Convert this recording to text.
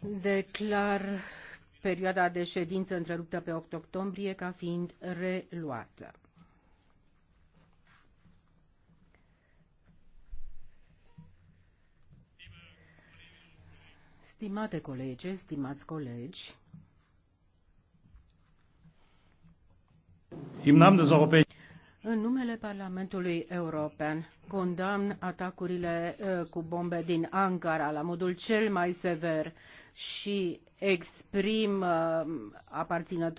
Declar perioada de ședință întreruptă pe 8 octombrie ca fiind reluată. Stimate colege, stimați colegi, în numele Parlamentului European condamn atacurile uh, cu bombe din Ankara la modul cel mai sever și exprim uh, aparținător